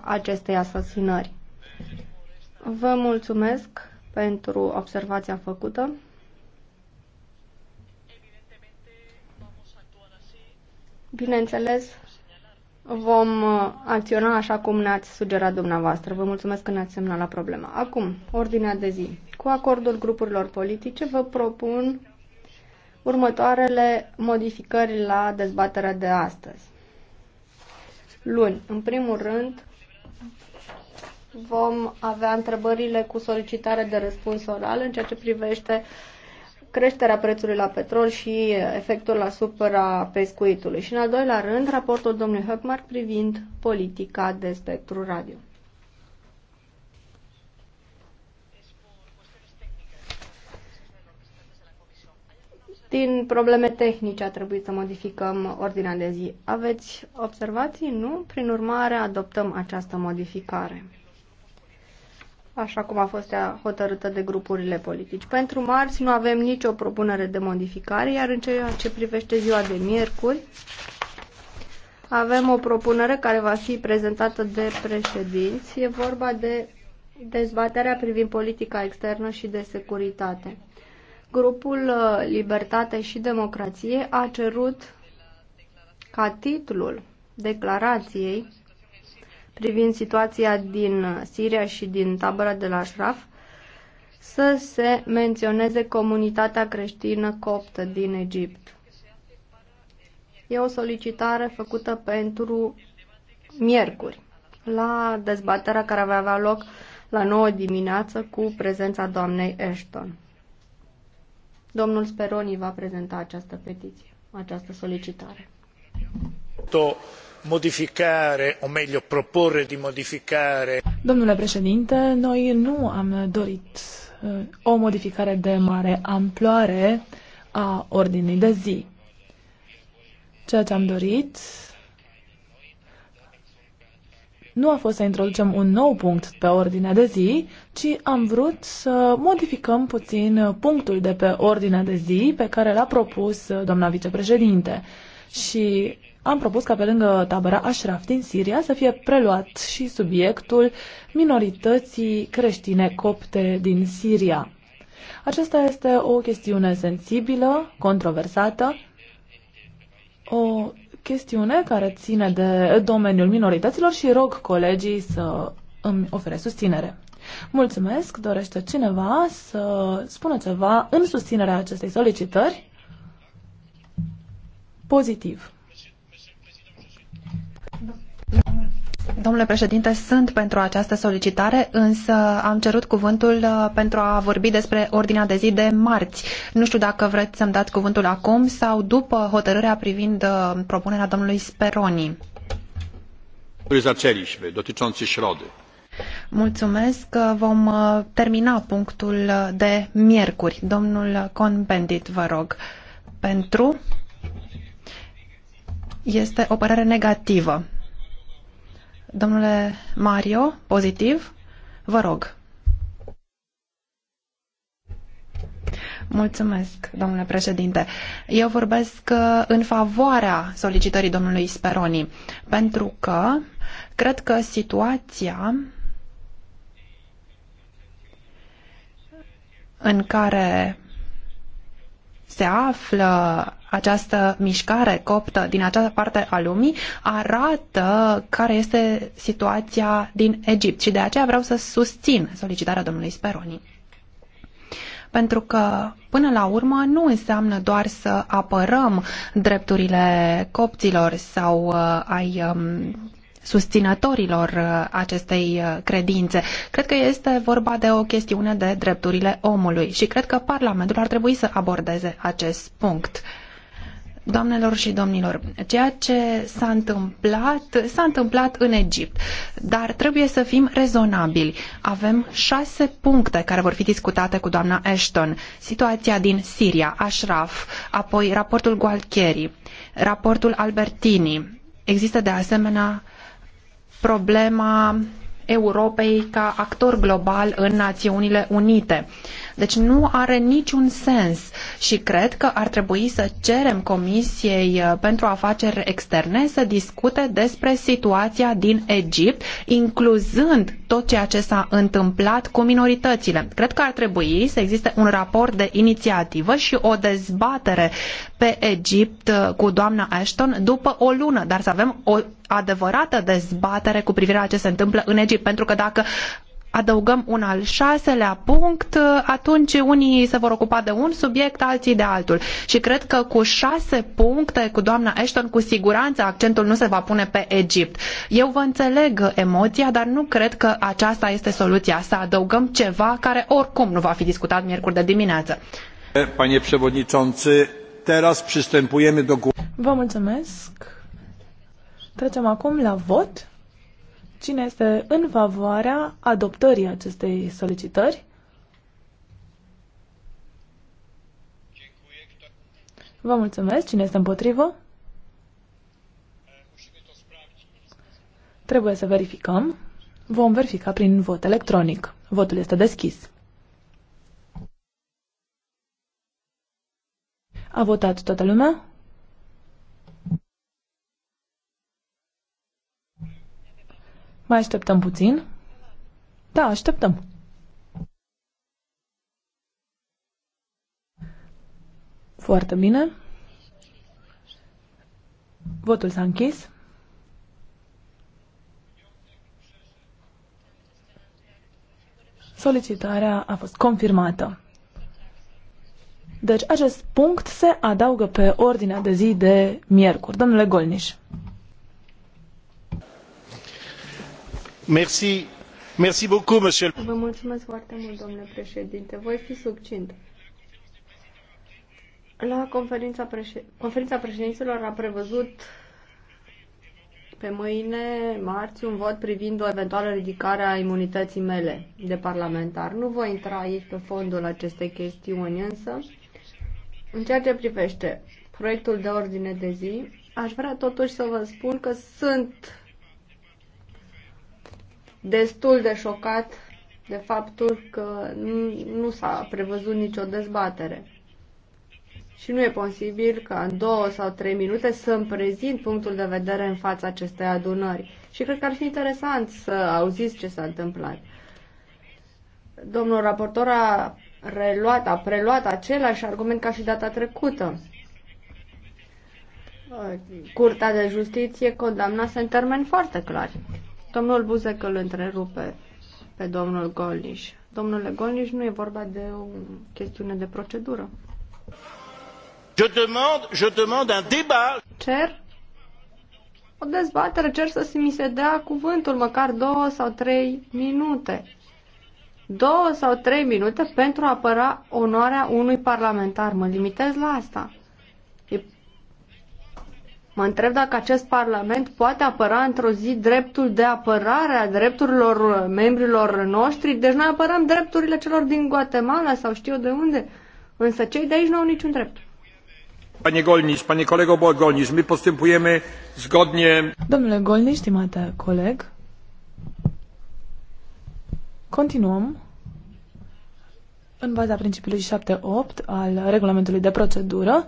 acestei asasinări. Vă mulțumesc pentru observația făcută. Bineînțeles, vom uh, acționa așa cum ne-ați sugerat dumneavoastră. Vă mulțumesc că ne-ați la problema. Acum, ordinea de zi. Cu acordul grupurilor politice vă propun următoarele modificări la dezbaterea de astăzi luni. În primul rând, vom avea întrebările cu solicitare de răspuns oral în ceea ce privește creșterea prețului la petrol și efectul asupra pescuitului. Și în al doilea rând, raportul domnului Höckmark privind politica de spectru radio. Din probleme tehnice a trebuit să modificăm ordinea de zi. Aveți observații? Nu? Prin urmare, adoptăm această modificare așa cum a fost ea hotărâtă de grupurile politici. Pentru marți nu avem nicio propunere de modificare, iar în ceea ce privește ziua de miercuri, avem o propunere care va fi prezentată de președinți. E vorba de dezbaterea privind politica externă și de securitate. Grupul uh, Libertate și Democrație a cerut ca titlul declarației privind situația din uh, Siria și din tabăra de la Shraf să se menționeze comunitatea creștină coptă din Egipt. E o solicitare făcută pentru miercuri, la dezbaterea care va avea loc la 9 dimineață cu prezența doamnei Ashton. Domnul Speroni va prezenta această petiție, această solicitare. Modificare, o meglio, proporre di modificare. Domnule președinte, noi nu am dorit uh, o modificare de mare amploare a ordinii de zi. Ceea ce am dorit nu a fost să introducem un nou punct pe ordinea de zi, ci am vrut să modificăm puțin punctul de pe ordinea de zi pe care l-a propus doamna vicepreședinte. Și am propus ca pe lângă tabăra Ashraf din Siria să fie preluat și subiectul minorității creștine copte din Siria. Aceasta este o chestiune sensibilă, controversată, o chestiune care ține de domeniul minorităților și rog colegii să îmi ofere susținere. Mulțumesc! Dorește cineva să spună ceva în susținerea acestei solicitări? Pozitiv. Domnule președinte, sunt pentru această solicitare, însă am cerut cuvântul uh, pentru a vorbi despre ordinea de zi de marți. Nu știu dacă vreți să-mi dați cuvântul acum sau după hotărârea privind uh, propunerea domnului Speroni. Mulțumesc. Uh, vom termina punctul de miercuri. Domnul Conbendit, vă rog. Pentru este o părere negativă. Domnule Mario, pozitiv, vă rog. Mulțumesc, domnule președinte. Eu vorbesc uh, în favoarea solicitării domnului Speroni, pentru că cred că situația în care se află această mișcare coptă din această parte a lumii arată care este situația din Egipt și de aceea vreau să susțin solicitarea domnului Speroni. Pentru că, până la urmă, nu înseamnă doar să apărăm drepturile copților sau uh, ai um, susținătorilor uh, acestei uh, credințe. Cred că este vorba de o chestiune de drepturile omului și cred că Parlamentul ar trebui să abordeze acest punct. Doamnelor și domnilor, ceea ce s-a întâmplat, s-a întâmplat în Egipt, dar trebuie să fim rezonabili. Avem șase puncte care vor fi discutate cu doamna Ashton. Situația din Siria, Ashraf, apoi raportul Gualcheri, raportul Albertini. Există de asemenea problema Europei ca actor global în Națiunile Unite. Deci nu are niciun sens și cred că ar trebui să cerem Comisiei uh, pentru Afaceri Externe să discute despre situația din Egipt, incluzând tot ceea ce s-a întâmplat cu minoritățile. Cred că ar trebui să existe un raport de inițiativă și o dezbatere pe Egipt uh, cu doamna Ashton după o lună, dar să avem o adevărată dezbatere cu privire la ce se întâmplă în Egipt, pentru că dacă adăugăm un al șaselea punct, atunci unii se vor ocupa de un subiect, alții de altul. Și cred că cu șase puncte, cu doamna Ashton, cu siguranță accentul nu se va pune pe Egipt. Eu vă înțeleg emoția, dar nu cred că aceasta este soluția, să adăugăm ceva care oricum nu va fi discutat miercuri de dimineață. Panie przewodniczący, teraz przystępujemy do... Vă mulțumesc. Trecem acum la vot. Cine este în favoarea adoptării acestei solicitări? Vă mulțumesc. Cine este împotrivă? Trebuie să verificăm. Vom verifica prin vot electronic. Votul este deschis. A votat toată lumea? Mai așteptăm puțin? Da, așteptăm. Foarte bine. Votul s-a închis. Solicitarea a fost confirmată. Deci acest punct se adaugă pe ordinea de zi de miercuri. Domnule Golniș. Vă mulțumesc foarte mult, domnule președinte. Voi fi succint. La conferința, președ... conferința președinților a prevăzut pe mâine, marți, un vot privind o eventuală ridicare a imunității mele de parlamentar. Nu voi intra aici pe fondul acestei chestiuni, însă, în ceea ce privește proiectul de ordine de zi, aș vrea totuși să vă spun că sunt destul de șocat de faptul că nu s-a prevăzut nicio dezbatere. Și nu e posibil ca în două sau trei minute să îmi prezint punctul de vedere în fața acestei adunări. Și cred că ar fi interesant să auziți ce s-a întâmplat. Domnul raportor a reluat, a preluat același argument ca și data trecută. Curtea de Justiție condamnase în termeni foarte clari. Domnul Buzek îl întrerupe pe domnul Golniș. Domnule Golniș, nu e vorba de o chestiune de procedură. Je demande, je demande un débat. Cer o dezbatere, cer să mi se dea cuvântul, măcar două sau trei minute. Două sau trei minute pentru a apăra onoarea unui parlamentar. Mă limitez la asta. Mă întreb dacă acest Parlament poate apăra într-o zi dreptul de apărare a drepturilor membrilor noștri. Deci noi apărăm drepturile celor din Guatemala sau știu de unde. Însă cei de aici nu au niciun drept. Panie Golniș, panie kolego Golniș, my postępujemy zgodnie... Domnule Golniș, stimate coleg, continuăm în baza principiului 7.8 al regulamentului de procedură.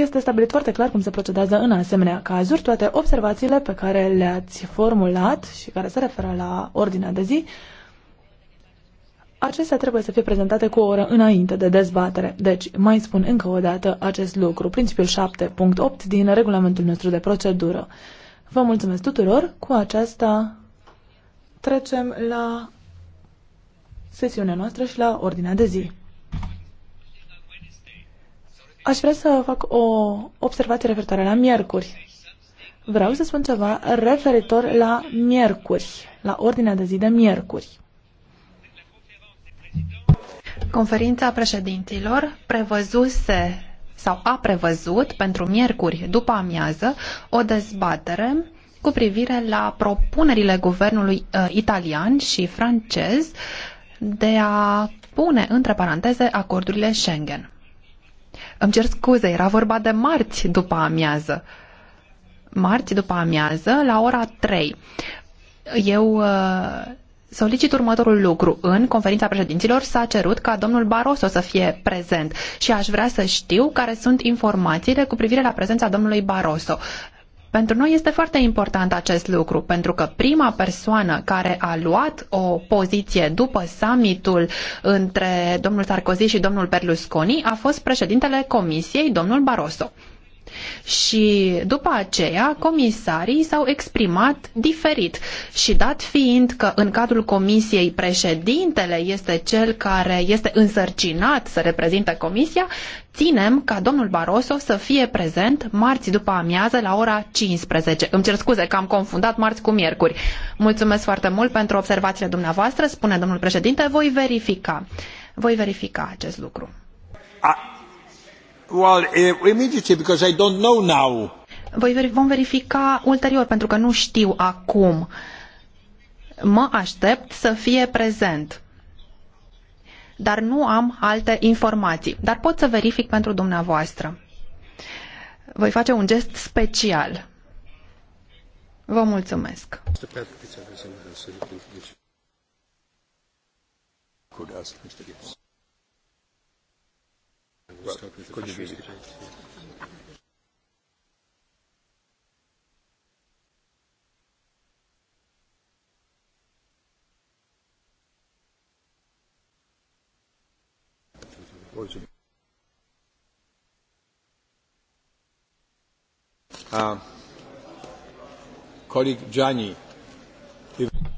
Este stabilit foarte clar cum se procedează în asemenea cazuri. Toate observațiile pe care le-ați formulat și care se referă la ordinea de zi, acestea trebuie să fie prezentate cu o oră înainte de dezbatere. Deci, mai spun încă o dată acest lucru, principiul 7.8 din regulamentul nostru de procedură. Vă mulțumesc tuturor. Cu aceasta trecem la sesiunea noastră și la ordinea de zi. Aș vrea să fac o observație referitoare la miercuri. Vreau să spun ceva referitor la miercuri, la ordinea de zi de miercuri. Conferința președinților prevăzuse sau a prevăzut pentru miercuri după amiază o dezbatere cu privire la propunerile guvernului uh, italian și francez de a pune între paranteze acordurile Schengen. Îmi cer scuze, era vorba de marți după amiază. Marți după amiază, la ora 3. Eu uh, solicit următorul lucru. În conferința președinților s-a cerut ca domnul Barroso să fie prezent și aș vrea să știu care sunt informațiile cu privire la prezența domnului Barroso. Pentru noi este foarte important acest lucru, pentru că prima persoană care a luat o poziție după summitul între domnul Sarkozy și domnul Berlusconi a fost președintele Comisiei, domnul Barroso și după aceea comisarii s-au exprimat diferit și dat fiind că în cadrul comisiei președintele este cel care este însărcinat să reprezinte comisia, ținem ca domnul Barroso să fie prezent marți după amiază la ora 15. Îmi cer scuze că am confundat marți cu miercuri. Mulțumesc foarte mult pentru observațiile dumneavoastră, spune domnul președinte, voi verifica. Voi verifica acest lucru. A Well, eh, immediately, because I don't know now. Voi vom verifica ulterior, pentru că nu știu acum. Mă aștept să fie prezent. Dar nu am alte informații. Dar pot să verific pentru dumneavoastră. Voi face un gest special. Vă mulțumesc. Could ask Mr. Gibbs.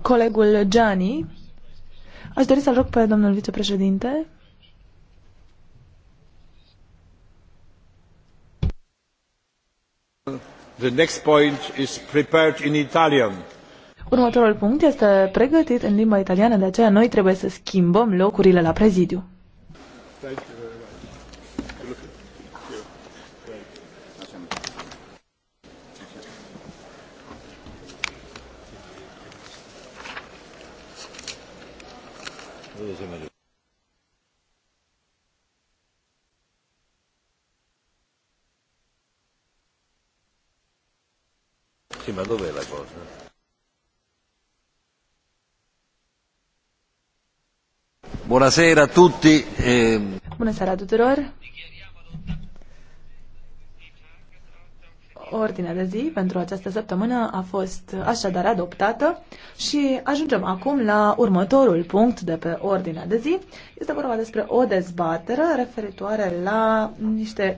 Colegul Gianni, aș dori să-l rog pe domnul vicepreședinte The next point is prepared in Italian. Următorul punct este pregătit în limba italiană, de aceea noi trebuie să schimbăm locurile la prezidiu. Sì, ma dov'è la cosa? Buonasera a tutti. Eh... seara tuturor. Ordinea de zi pentru această săptămână a fost așadar adoptată și ajungem acum la următorul punct de pe ordinea de zi. Este vorba despre o dezbatere referitoare la niște